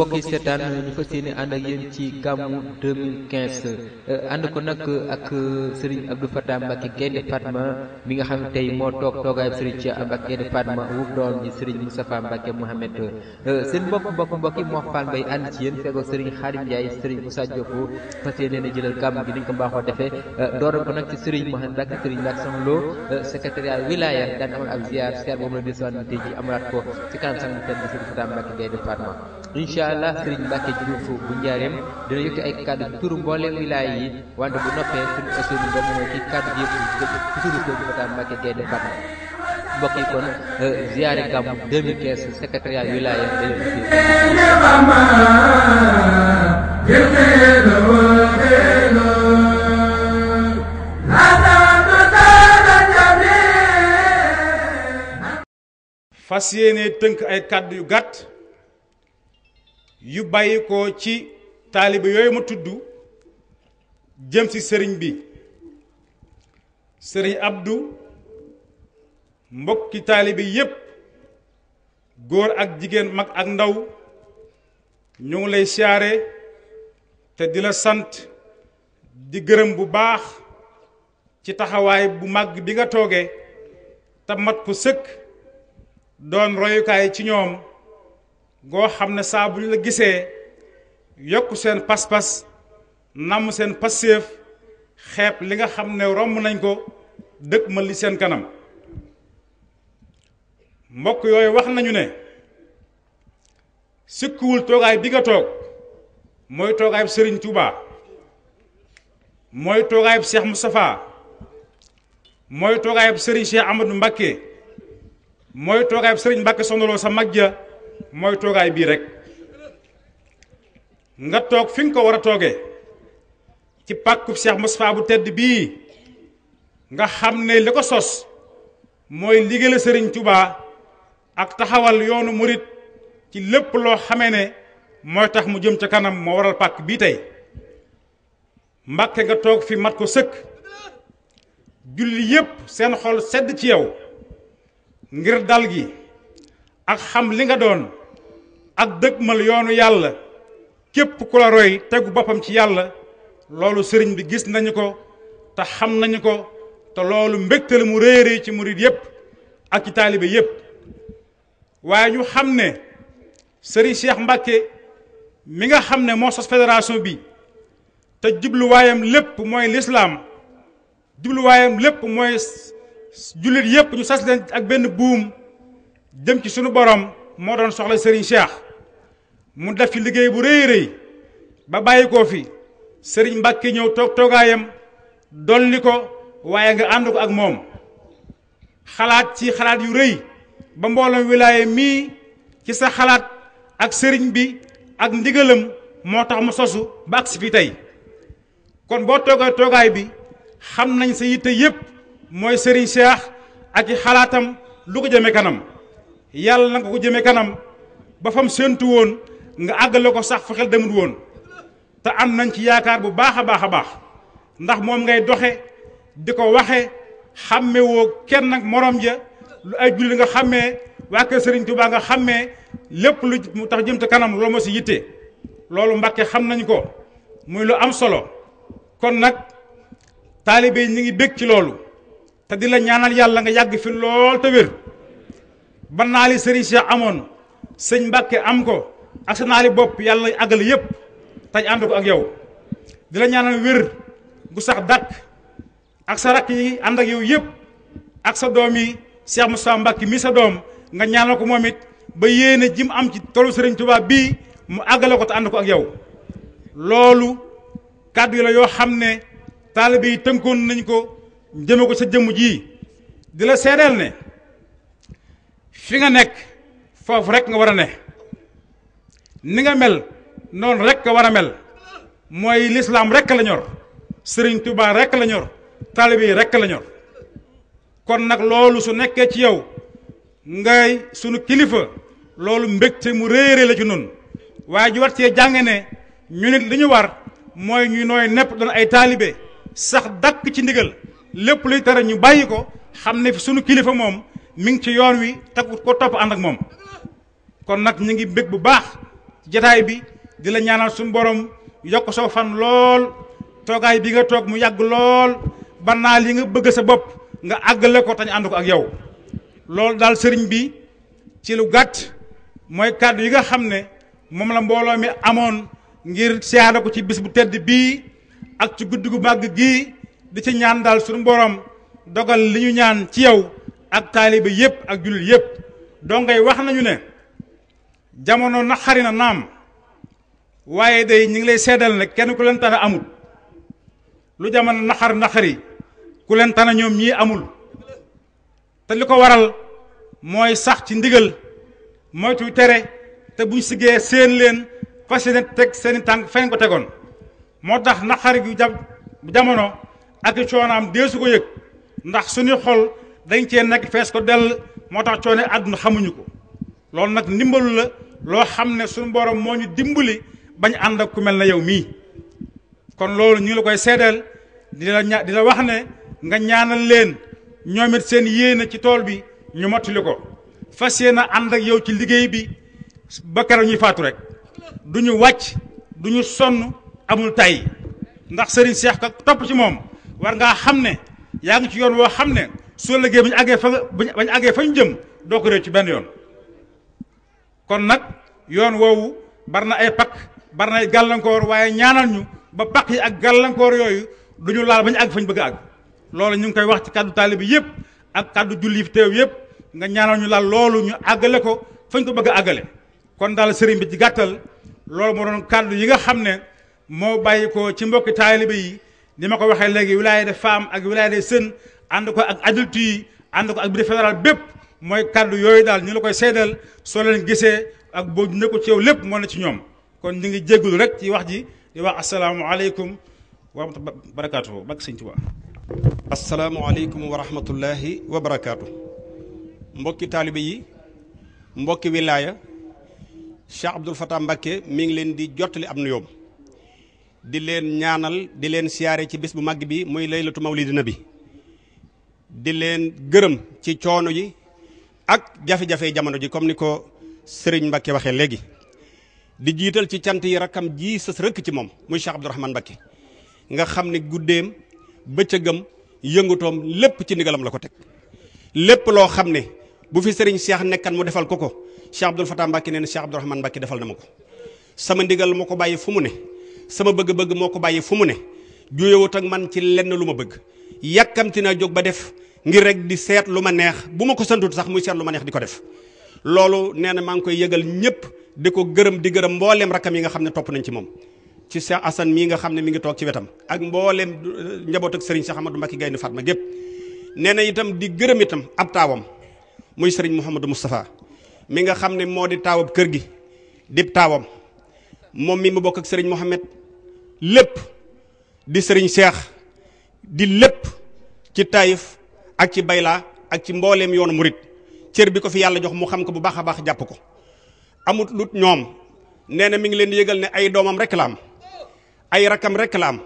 mbokk yi seetaan ñu fas yéene ànd ak yeen ci gamu 2015 and ko nak ak serigne Abdou fatta Mbacke Gaynde Fatma mi nga xam tay mo tok toogaay serigne ci Mbacke Gaynde Fatma wub doom ji sëriñ Moustapha Mbacke mohammed eh, seen mbokk mbokk mbokk yi moo Fall Mbaye ànd ci yeen fego serigne khadim Ndiaye serigne Moussa Diop fas yéene na jëlal gam gi ni ko mbaaxoo defé eh, door ko nak ci serigne mohammed Mbacke serigne Mbacke Soxna Lo eh, secrétariat wilaya dan amul ak ziar ziar boobu la desuwaan tey ji amalaat ko ci kanam sang tedd sëriñ Fatah Mbacke Gaynde Fatma allah sëriñ Mbacke Diouf bu njaareem euh, fas yéene tënk ay kàddu yu gàtt yu bàyyi ko ci taalibe yooyu ma tudd jëm ci sëriñ bi sëriñ Abdou mbokki taalibe yépp góor ak jigéen mag ak ndaw ñu ngi lay siyaare te di la sant di gërëm bu baax ci taxawaay bu màgg bi nga tooge te mat ko sëkk doon royukaay ci ñoom goo xam ne saa bu ñu la gisee yokk seen pas-pas namm seen passeef xeeb li nga xam ne romb nañ ko dëkk ma li seen kanam mbokk yooyu wax nañu ne sikkuwul toogaay bi nga toog mooy toogaay bu Serigne Touba mooy toogaay bu Cheikh Moustapha mooy toogaay bu Serigne Cheikh mooy toogaay bu Serigne Mbacké sonaloo sa mag ja mooy toogaay bii rek nga toog fi nga ko war a tooge ci pàkkub Cheikh Moustapha bu tedd bii nga xam ne li ko sos mooy liggéeyal sëriñ Touba ak taxawal yoonu murit ci lépp loo xame ne mooy tax mu jëm ca kanam moo waral pàkk bii tey Mbàkke nga toog fi mat ko sëkk julli yépp seen xol sedd ci yow ngir dal gi ak xam li nga doon ak dëgmal yoonu yàlla képp ku roy tegu boppam ci yàlla loolu sëriñ bi gis nañu ko te xam nañu ko te loolu mbégte la mu réeree ci murit yépp ak ci taalibe yépp waaye ñu xam ne sëriñ Cheikh Mbacke mi nga xam ne moo sos fédération bi te jubluwaayam lépp mooy lislaam jubluwaayam lépp mooy jullit yépp ñu sas leen ak benn buum jëm ci sunu borom moo doon soxla sëriñ Cheikh mu def ci liggéey bu rëy rëy ba bàyyi koo fi sëriñ Mbàkke ñëw toog toogaayam dolli ko waaye nga ànd ko ak moom xalaat ci xalaat yu rëy ba mbooloom wilaaye mii ci sa xalaat ak sëriñ bi ak ndigalam moo tax mu sosu ba agsi fi tey kon boo toogaay toogaay bi xam nañ sa yitte yépp mooy sëriñ Cheikh ak i xalaatam lu ko jëme kanam yàlla na nga ko jëme kanam ba fam séentu woon nga àggale ko sax fa xel demut woon te am nañ ci yaakaar bu baax a baax a baax ndax moom ngay doxe di ko waxe xàmmewoo kenn nag morom ja lu ay julli nga xàmmee waa sëriñ Serigne Touba nga xàmmee lépp lu mu tax jëm te kanam loolu moo si yitte loolu Mbàkke xam nañ ko muy lu am solo kon nag taalibe yi ñu ngi bég ci loolu te di la ñaanal yàlla nga yàgg fi lool te wér ba naa li Serigne Cheikh amoon sëñ Mbàkke am ko ak sa naali bopp yàlla na àggale yëpp tañ ànd ko ak yow di la ñaanal wér gu sax dàkk ak sa rakk yi ànd ak yow yëpp ak sa doom yi Cheikh Moustapha Mbacké mi sa doom nga ñaanal ko moom it ba yéene ji mu am ci tolu Serigne tubaab bii mu àggale ko te ànd ko ak yow loolu kàddu la yoo xam ne taalibe yi tënkoon nañ ko jëme ko sa jëmm ji di la seedeel ne fi nga nekk foofu rek nga war a ne ni nga mel noonu rek nga war a mel mooy lislaam rek la sëriñ Tuubaa rekk la ñor taalibe yi rek la kon nag loolu su nekkee ci yow ngay sunu kilifa loolu mbégte mu réere la ci nun waaye ju war cee jàng ne ñu nit li ñu war mooy ñu nooy nepp doon ay taalibe sax dàkk ci ndigal lépp luy tere ñu bàyyi ko xam ne fi sunu kilifa moom mi ngi ci yoon wi takut ko topp ànd ak moom kon nag ñu ngi mbég bu baax jotaay bi di la ñaanal suñu borom yok so fan lool togaay bi nga tok mu yag lool ba naa li nga bëgg sa bop nga àggale ko tañ ko ak yow lool dal sëriñ bi ci lu gatt moy kàddu yi nga xamne mom la mbolo mi amone ngir siyaare ko ci bis bu tedd bi ak ci guddugu mag gi di ci ñaan dal suñu borom dogal li ñu ñaan ci yow ak taaliba yépp ak jullit yépp ngay wax nañu ne jamono naqari na naam waaye day ñu ngi lay seedal ne kenn ku leen tane amul lu jamono naqar naqari ku leen tane ñoom ñii amul te li ko waral mooy sax ci ndigal moytu tere te buñ siggee seen leen fas yéene teg seeni tànk fen ko tegoon moo tax naqari gu jamono ak coonaam deesu ko yëg ndax suñu xol dañ cee nekk fees ko dell moo tax coone àdduna xamuñu ko loolu nag ndimbalu la loo xam ne suñu borom moo ñu dimbali bañ ànd ak ku na yow mii kon loolu ñu la koy seedeel di la wax ne nga ñaanal leen ñoom it seen yéene ci tool bi ñu mottali ko fas yéen a ànd ak yow ci liggéey bi ba keroog ñuy faatu rek du ñu wàcc du ñu sonn amul tay ndax Serigne Cheikh ka topp ci moom war ngaa xam ne yaa ngi ci yoon woo xam ne soo liggéey bu ñu àggee fa bu ñu àggee fa jëm doo ko réew ci benn yoon. kon nag yoon woowu bar na ay pakk bar na gàllankoor waaye ñaanal ñu ba pakk yi ak gàllankoor yooyu du ñu laal ba ñu àgg fañ bëgg a loolu ñu ngi koy wax ci kàddu taalibe yëpp ak kàddu julli fi teew yëpp nga ñaanal ñu laal loolu ñu àggale ko fañ ko bëgg a àggale kon daal sëriñ bi ci gàttal loolu moo doon kàddu yi nga xam ne moo bàyyi ko ci mbokki taalibe yi ni ma ko waxee léegi wilaya de femme ak wilaya de sën ànd ko ak adulte yi ànd ko ak bi bépp mooy kàddu yooyu daal ñu la koy seedal soo leen gisee ak boo nekkul ci yow lépp moo ne ci ñoom kon ñu ngi jéggul rek ci wax ji di wax asalaamualeykum wa rahmatulah barakaatu bak sëñ Tuubaa asalaamualeykum mbokki taalibe yi mbokki wilaaya Cheikh Abdoul Fatah Mbacké mi ngi leen di jottali am nuyoom di leen ñaanal di leen siyaare ci bés bu màgg bi muy laylatu mawlidi bi di leen gërëm ci coono yi ak jafe-jafe jamono ji comme ni ko sëriñ Mbacke waxee léegi di jiital ci cant yi rakkam ji sa rëkk ci moom muy Cheikh Abdourahmane Mbacke nga xam ne guddeem bëccëgam yëngutoom lépp ci ndigalam la ko teg lépp loo xam ne bu fi sëriñ Cheikh nekkan mu defal ko ko Cheikh Abdoul Fatah Mbacke nee na Cheikh Abdourahmane mbakki defal na ma ko sama ndigal moo ko bàyyi fu mu ne sama bëgg-bëgg moo ko bàyyi fu mu ne juyewut ak man ci lenn lu ma bëgg yàkkamti naa jóg ba def ngir rek di seet lu ma neex bu ma ko santut sax muy seet lu ma neex di ko def loolu nee na maa ngi koy yëgal ñëpp di ko gërëm di gërëm mbooleem rakkam yi nga xam ne topp nañ ci moom ci Cheikh Assane mii nga xam ne mi ngi toog ci wetam ak mbooleem euh, njaboot ak Serigne Cheikh Amadou Mbacké Gaynde Fatma nee na itam di gërëm itam ab taawam muy Serigne Mouhamadou Moustapha mi nga xam ne moo di taawab kër gi di taawam moom mi mu bokk ak Serigne Mohamed lépp di Serigne Cheikh di lépp ci Taïf ak ci baylaa ak ci mbooleem yoonu murit cér bi ko fi yàlla jox mu xam ko bu baax a baax jàpp ko amut lut ñoom nee na mi ngi leen di yëgal ne ay doomam rekk la am ay rakam rek la am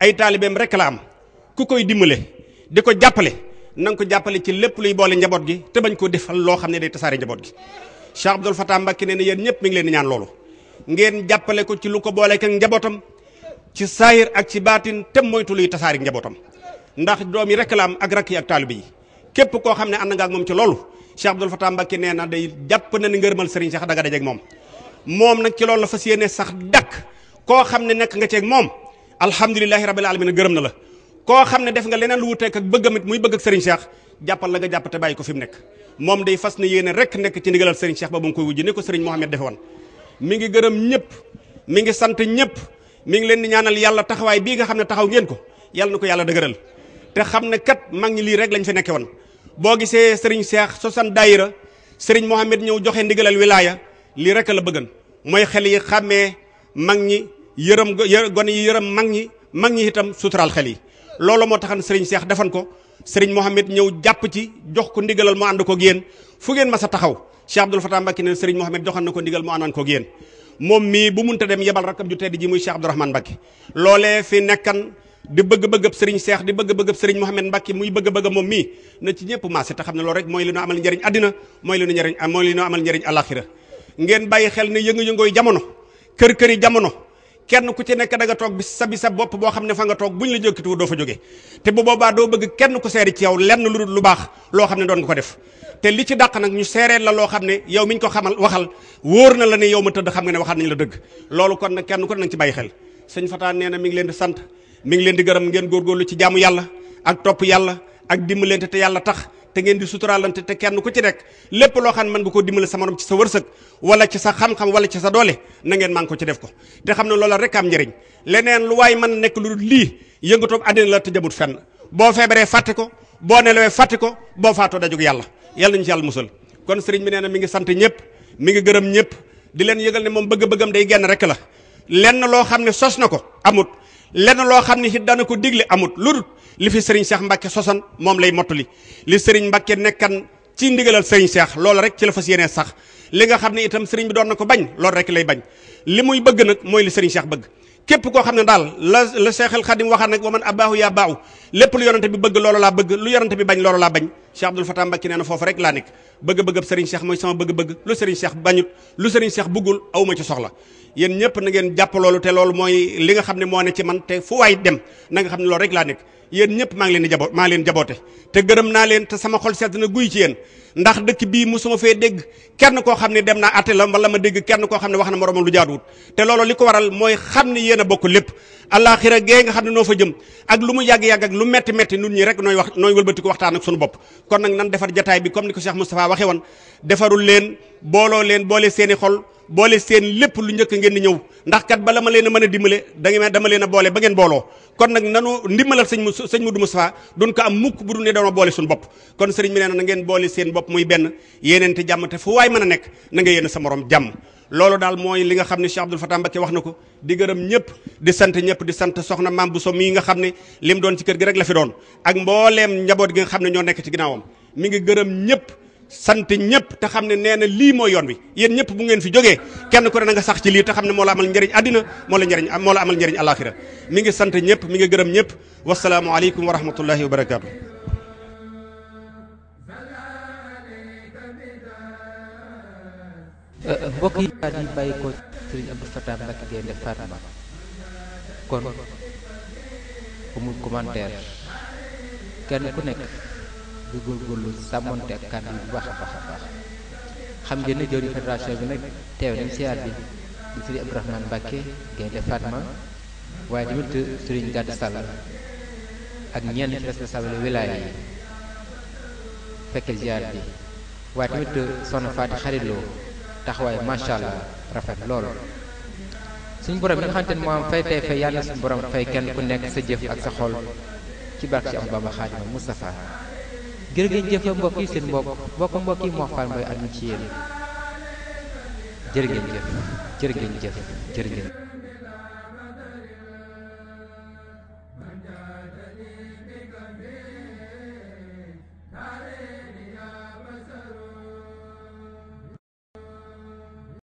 ay taalibeem rek la am ku koy dimbale di ko jàppale na nga ko jàppale ci lépp luy boole njaboot gi te bañ koo defal loo xam ne day tasaare njaboot gi Cheikh Abdoul Fatah Mbacké nee na yéen ñëpp mi ngi leen di ñaan loolu ngeen jàppale ko ci lu ko boole ak njabootam ci saayir ak ci baatin te moytu luy tasaari njabootam ndax doom yi réclame ak rakk yi ak taalibe yi képp koo xam ne ànd nga ak moom ci loolu Cheikh Abdoul Fatah Mbacké nee na day jàpp na ni ngërëmal Serigne Cheikh da nga dajeeg moom moom nag ci loolu la fas yéene sax dakk koo xam ne nekk nga ceeg moom alhamdulilahi rabbil alamin gërëm na la koo xam ne def nga leneen lu wuteek ak bëggam it muy bëgg ak Serigne Cheikh jàppal la nga jàpp te bàyyi ko fi mu nekk moom day fas na yéene rek nekk ci ndigalal Serigne Cheikh ba mu koy wujji ni ko Serigne Mohamed defe woon mi ngi gërëm ñëpp mi ngi sant ñëpp mi ngi leen di ñaanal yàlla taxawaay bii nga xam ne taxaw ngeen ko yàlla na ko yàlla dëgëral te xamne kat mag ñi li rek lañ fi nekke gisee serigne cheikh sosan daayira sering mohammed ñëw joxe ndigalal wilaya li rek la bëggan moy xel yi xamé mag ñi yërëm gon yi yërëm mag ñi mag ñi itam sutural xel yi loolu mo taxan serigne cheikh defan ko serigne mohammed japp ci jox ko ndigalal mo and ko fu ma masa taxaw cheikh abdul fatah mbakki ne serigne mohammed joxan nako ndigal mo anan ko yéen mom mi bu munta dem yebal rakam ju teddi ji muy cheikh mbakki lolé fi nekkan di bëgg bëggab serigne cheikh di bëgg bëggab serigne mohammed mbacke muy bëgg bëgg mom mi na ci ñëpp maase ta xamna lool rek moy li nu amal ñariñ adina moy li nu njariñ ah, moy li amal ñariñ alakhirah ngeen bayyi xel ne yu ngoy jamono kër yi jamono kenn ku ci nekk da nga tok bi sa bi sa bopp boo xam fa nga tok buñ la tu do fa joggé te bu boba do bëgg kenn ku séri ci yow lenn lu lu baax lo xamne doon ko def te li ci dakk nak ñu séré la lo xamne yow miñ ko xamal waxal woor na la ne yow ma tedd xam nga ne waxal nañ la dëgg loolu kon nak kenn ku ci bayyi xel mi ngi leen di sant mi ngi leen di gërëm ngeen góorgóorlu ci jaamu yàlla ak topp yàlla ak dimbalante te yàlla tax te ngeen di suturaalante te kenn ku ci nekk lépp loo xam ne man bu ko dimbale sa morom ci sa wërsëg wala ci sa xam-xam wala ci sa doole nangeen ngeen man ko ci def ko te xam ne loola rek am njëriñ leneen lu waaye mën nekk lu dul lii yëngatoo àddina la te jamut fenn boo feebaree fàtte ko boo nelawee fàtte ko boo faatoo dajug yàlla yàlla nañu ci yàlla musal kon sëriñ bi nee na mi ngi sant ñëpp mi ngi gërëm ñëpp di leen yëgal ne moom bëgg-bëggam day genn rek la lenn loo xam ne sos na ko amut lenn loo xam ne it dana ko digle amut lu dul li fi Serigne Cheikh Mbacke sosan moom lay mottali li Serigne Mbacke nekkan ci ndigalal Serigne Cheikh loolu rek ci la fas yéenee sax li nga xam ne itam Serigne bi doon na ko bañ loolu rek lay bañ li muy bëgg nag mooy li Serigne Cheikh bëgg. képp koo xam ne daal la la Seexal Xadim waxaan nag wa man abaahu yaa baahu lépp lu yonante bi bëgg loolu laa bëgg lu yonante bi bañ loolu laa bañ Cheikh Abdoul Fatah Mbacke nee na foofu rek laa nekk bëgg-bëggab Serigne Cheikh mooy bëgg-bëgg lu Serigne Cheikh bañut lu Serigne Cheikh bëggul awuma ci soxla yéen ñëpp na ngeen jàpp loolu te loolu mooy li nga xam ne moo ne ci man te fu waay dem na nga xam ne loolu rek laa nekk yéen ñëpp maa ngi leen di maa ngi leen jaboote te gërëm naa leen te sama xol sedd na guy ci yéen ndax dëkk bii suma fee dégg kenn koo xam ne dem naa atte la wala ma dégg kenn koo xam ne wax na moromam lu jaaduwut te loolu li ko waral mooy xam ne yéen bokk lépp alaxira gee nga xam ne noo fa jëm ak lu mu yàgg-yàgg ak lu metti metti nun ñi rek nooy wax nooy wëlbati ko waxtaan ak bopp kon nan defar jataay bi comme ni ko Cheikh Moustapha waxe woon defarul leen booloo leen boole seeni xol boole seen lépp lu njëkk ngeen di ñëw ndax kat la ma leen mën a dimbale da ngeen dama leen boole ba ngeen booloo kon nag nanu ndimbalal sëñ mu sëñ Mudu Mustafaa duñ ko am mukk bu du ne doona boole suñu bopp kon sëriñ bi nee na ngeen boole seen bopp muy benn yéeneen te jàmm te fu a nekk na nga yéene sa morom jàmm mooy li nga xam ne Cheikh Abdoul Fatah Mbacké wax na ko di gërëm ñëpp di sant ñëpp di sant soxna Maam Bousso mii nga xam ne lim doon ci kër gi rek la fi doon ak mbooleem njaboot gi nga xam ne ñoo nekk ci ginnaawam mu ngi gërëm ñëpp sant ñëpp te xam ne nee na lii mooy yoon wi yéen ñëpp bu ngeen fi jógee kenn ku ne na nga sax ci lii te xam ne moo la amal njëriñ àddina moo la njëriñ moo la amal njëriñ àllaaxira mi ngi sante ñëpp mu ngi gërëm ñëpp wasalaamu aleykum wa rahmatullahi wa barakaatu. Euh, euh, mbokk yi daal di bàyyi ko Serigne Abdou Fatah kenn ku nekk. di góorgóorlu sàmmonte ak kàddu bu baax a baax a baax xam ngeen ne jëwriñ fédération bi nag teew nañ siyaar bi di sëriñ Abdourahmane Mbacke Gaynde Fatma waaye tamit sëriñ Gàdd Sall ak ñenn ci responsable wilaaya yi fekke ziar bi waaye tamit soxna Faati xariloo taxawaay macha allah rafet lool suñu borom bi nga xamante ne moo am fay tey fay yàlla suñu borom fay kenn ku nekk sa jëf ak sa xol ci barke ci am Bamba Xaadimal Mustafa jër ngeen jëfa mbokk yi seen mbokk mbokk mbokk yi moo faal mooy ànd ci yéen jërë ngeen jëf jërë ngeen jëf jërë ngeen